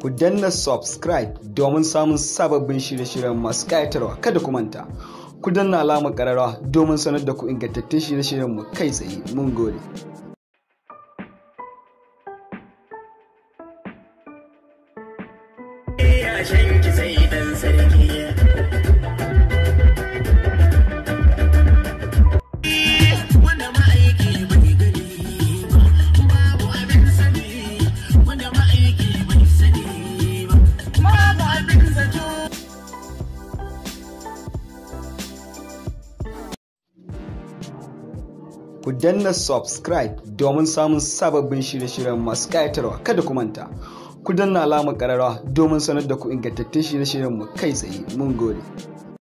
ku danna subscribe domin samun sababbin shirye-shiryen masu ƙayatarwa kada ku manta ku danna alamar ƙararwa domin sanar da ku ingantattun shirye-shiryen mu kai tsaye mun gode ku danna subscribe domin samun sababbin shirye-shiryen masu ƙayatarwa kada ku manta ku danna alamar ƙararrawa domin sanar da ku ingantattun shirye-shiryen mu kai tsaye mun gode